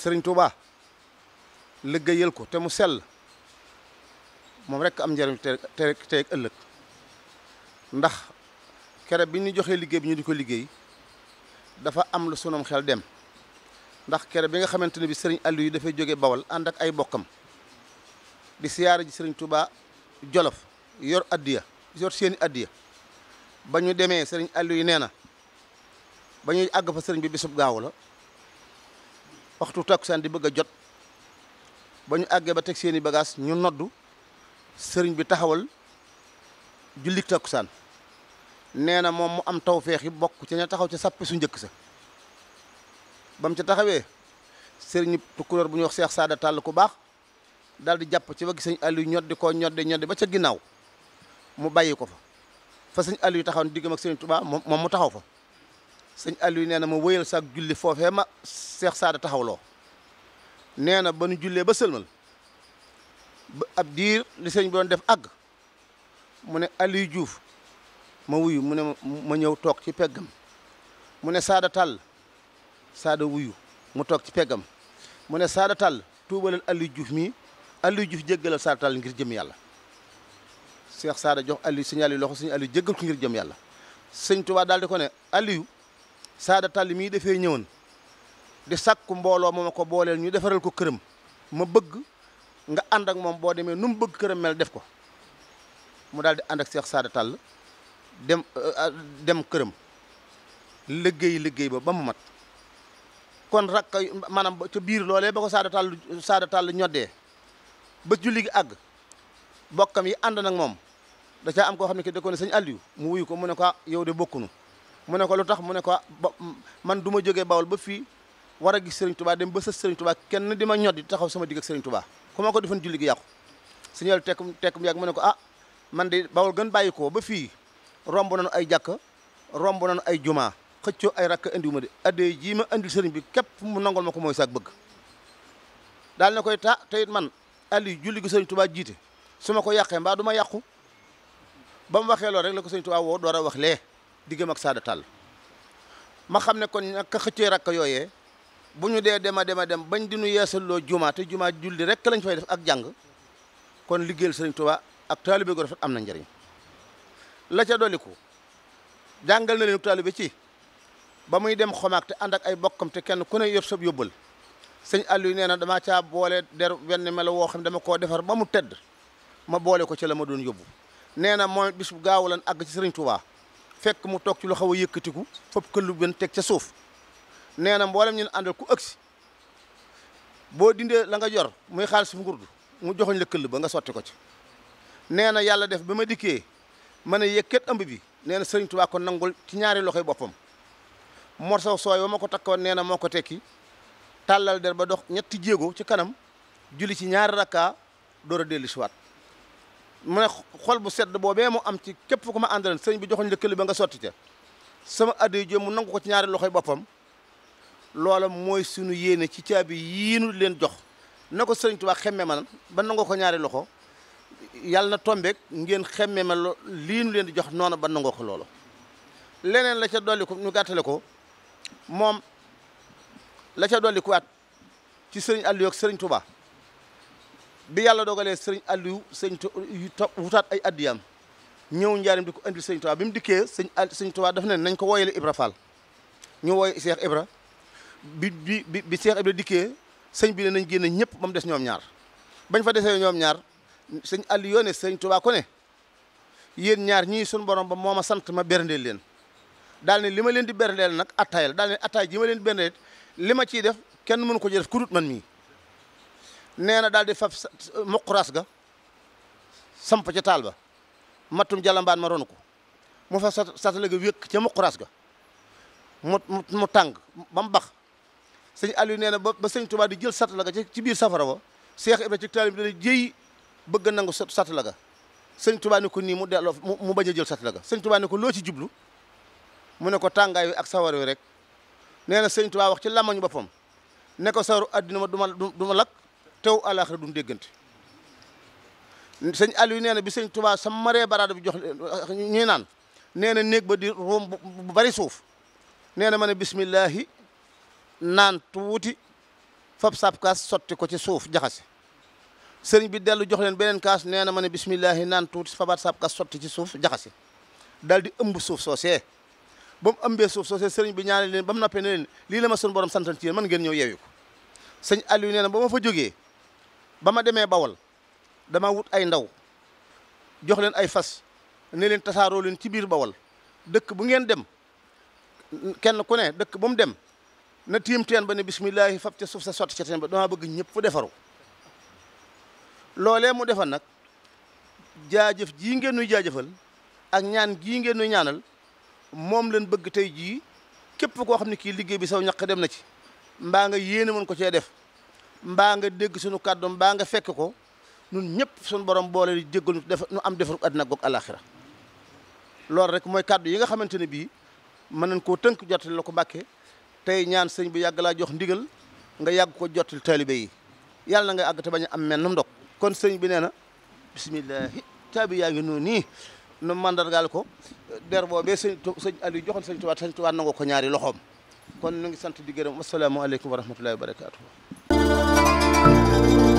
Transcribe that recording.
sëriñ Touba liggéeyal ko te mu sell moom rek am njariñ te tey ëllëg ndax kere bi ñu joxee liggéey bi ñu di ko liggéey dafa am lu sunum xel dem ndax kere bi nga xamante ne bi sëriñ Aliou yi dafay jóge Bawol ànd ak ay bokkam di siyaare ji sëriñ Touba Jolof yor addiya yor seeni addiya ba ñu demee sëriñ Aliou yi nee na ba ñuy àgg fa sëriñ bi bisub gaaw la waxtu sen di bëgg jot bañu aggé ba tek seen bagage ñu noddu sëriñ bi taxawal julik tok sen néna mom mu am tawfiix yi bokku ci ñu taxaw ci sapp su ñëk sa bam ci taxawé sëriñ tukkulóor bu ñu wax cheikh saada tall ku baax dal di japp ci waggi sëriñ Aliou ñoddi ko ñoddi ñoddi ba ca ginnaw mu bayiko fa fa sëriñ Aliou taxaw ne ak sëriñ mom mu taxaw fa sëñ Aliou nee na ma wëyal sax julli foofee ma Seex Saada taxawloo nee na ba nu jullee ba sëlmal ba ab diir li sëñ bi doon def àgg mu ne Aliou Diouf ma wuyu mu ne ma ñëw toog ci peggam mu ne Saada Tall Saada wuyu mu toog ci peggam mu ne Saada Tall tuubalal Aliou Diouf mii Aliou juuf jéggalal Saada Tall ngir jëm yàlla Seex Saada jox Aliou sëñ Aliou loxo sëñ Aliou jéggal ngir jëm yàlla sëñ Tuubaa daal di ko ne saada tàll mii dafee ñëwoon di sàkku mbooloo ma ma ko booleel ñu defareel ko këram ma bëgg nga ànd ak moom boo demee nu mu bëgg këram mel def ko mu daal di ànd ak Seex Saada Tall dem euh, euh, dem këram liggéey liggéey ba ba mu mat kon rakk maanaam ca biir loolee ba ko Saada Tall Saada Tall ñoddee ba julli gi àgg bokkam yi ànd nag moom da caa am koo xam ne ki de ko ne sëñ mu wuyu ko mu ne ko ah, yow de bokkunu mu ne ko lu tax mu ne ko ah, man duma joge bawol ba fi wara gi Serigne Touba dem ba sa Serigne Touba kenn di ñod di taxaw sama digg Serigne Touba ku ko defon julli gi yaq suñu yàlla tek tekkum yàgg mu ne ko ah man di bawol gën bayiko ba fi romb nañu ay jakk romb nañu ay juma xëccoo ay rakk indiwuma de ade ji ma andi serigne bi kep mu nangol mako moy mooy bëgg dal na koy ta tayit man ali julli gi serigne Touba jité suma ko yaqé duma yaqku bam ba lo rek la ko serigne Touba wo wax diggam ak Sada Tall ma xam ne kon nag ka xëccee rakk yooyee bu ñu dee dema dema dem bañ di nu yeesaloo jumaa te jumaa julli rek lañ fay def ak jàng kon liggéeyal Sëriñ Tuubaa ak taalibe gu rafet am na njariñ la ca doliku jàngal na leen taalibe ci ba muy dem xomaak te ànd ay bokkam te kenn ku ne yor sab yóbbal sëñ Aliou nee na damaa caa boole der wenn melo woo xam ne dama koo defar ba mu tedd ma boole ko ci la ma doon yóbbu nee na mooy bis bu gaaw lan àgg ci Sëriñ Tuubaa fekk mu toog ci loxo xaw a yëkkatiku fop këllu benn teg ca suuf nee na mboolem ñu àndal ku si boo dindee la nga yor muy xaalis bu mu joxoñ la këll ba nga sotti ko ci nee na yàlla def ba ma dikkee man a yëkkat ëmb bi nee na sëriñ Tuubaa ko nangul ci ñaari loxoy boppam morso sooy ba ma ko takkoon nee na moo ko tekki tàllal der ba dox ñetti jéego ci kanam julli ci ñaari rakkaa door a dellu siwaat mu ne xol bu sedd bobé mo am ci képp ko ma andal sëñ bi joxuñ la ba nga sotti ca sama addiya jëm mu nangu ko ci ñaari loxoy bopam loola moy suñu yéene ci caabi yii nu leen jox nako ko sëriñ Tuubaa man ba nangoo ko ñaari loxo yalla na tombé ngeen xemme ma lii nu leen di jox noonu ba nangoo ko loolu leneen la ca doli ko ñu gattalé ko mom la ca doli dolli kuwaat ci sëriñ Aliou ak sëriñ Tuubaa bi yàlla dogalee sëriñ Aliou sëñ wutaat ay addiyaam ñëw njaarim di ko indil sëñ Tuubaa bi mu dikkee sëñ sëñ Tuubaa daf ne nañ ko wooyale Ibra Fall ñu wooy Cheikh Ibra bi bi bi Cheikh dikkee sëñ bi ne nañ génne ñëpp ba des ñoom ñaar bañ fa desee ñoom ñaar sëñ Aliou yoo ne sëñ Tuubaa ko ne yéen ñaar ñii suñu borom ba moo a sant ma berndeel leen daal ne li ma leen di berndeel nag attaayal daal ne attaay ji leen di berndeel li ma ciy def kenn mënu ko ci def ku man mii nee na daal di faf muquraas ga samp ca taal ba mattum jalambaan ma ronu ko mu fa satale ga wékk ca muquraas ga mu mu tàng ba mu bax sëñ Aliou nee ba ba sëñ di jël satala ga ci biir safara ba Seex Ibra ci taalib dana jéy bëgg nangu satala ga sëñ Tuubaa ne ko nii mu delloo mu bañ a jël satala ga sëñ Tuubaa ko loo ci jublu mu ne ko tàngaay wi ak sawar wi rek nee na sëñ Tuubaa wax ci làmmañu boppam ne ko sawaru addina ma du ma du ma lakk taw àllaaxira duñ deggante sëñ Aliou neena bi sëñ Touba sa maré barade bi jox ñi naan neena neeg ba di room bu bari suuf neena mané bismillah nan tuuti fab sap kaas sotti ko ci suuf jaxase sëriñ bi delu jox len benen kaas neena mané bismillah nan tuuti fabaat sap kaas sotti ci suuf jaxase di ëmb suuf sosé bam mu suuf soosee bi ñaanal len bam li la ma sun borom santan ci man ngeen ñew yewiko ko Aliou fa joggé ba ma demee bawal dama wut ay ndaw jox leen ay fas ne leen tasaaroo leen ci biir bawal dëkk bu ngeen dem kenn ku ne dëkk bu mu dem na tiim teen ba ne bisimilahi fab ca suuf sa sot ca teen ba dama bëgg ñëpp fu defaru loolee mu defal nag jaajëf jii ngeen nuy jaajëfal ak ñaan gii ngeen nuy ñaanal moom leen bëgg tey jii képp koo xam ne kii liggéey bi saw ñaq dem na ci mbaa nga yéene mën ko cee def mbaa nga dégg suñu kàddu mbaa nga fekk ko ñun ñëpp suñu borom boole di jéggal ñu def ñu am defaru àddina goog alaxira loolu rek mooy kàddu yi nga xamante ne bii mën nañ koo tënk jottali la ko mbàkke tey ñaan sëñ bi yàgg laa jox ndigal nga yàgg ko jottali taalibe yi yàlla na nga àgg te bañ am menn num ndog kon sëñ bi nee na bisimilahi taabi yaa ngi noonu nii nu mandargaal ko der boobee sëñ sëñ Aliou joxoon sëñ Tuubaa sëñ Tuubaa nangoo ko ñaari loxoom kon nu ngi sant di gërëm wasalaamaaleykum wa rahmatullahi wa barakaatu. Thank you.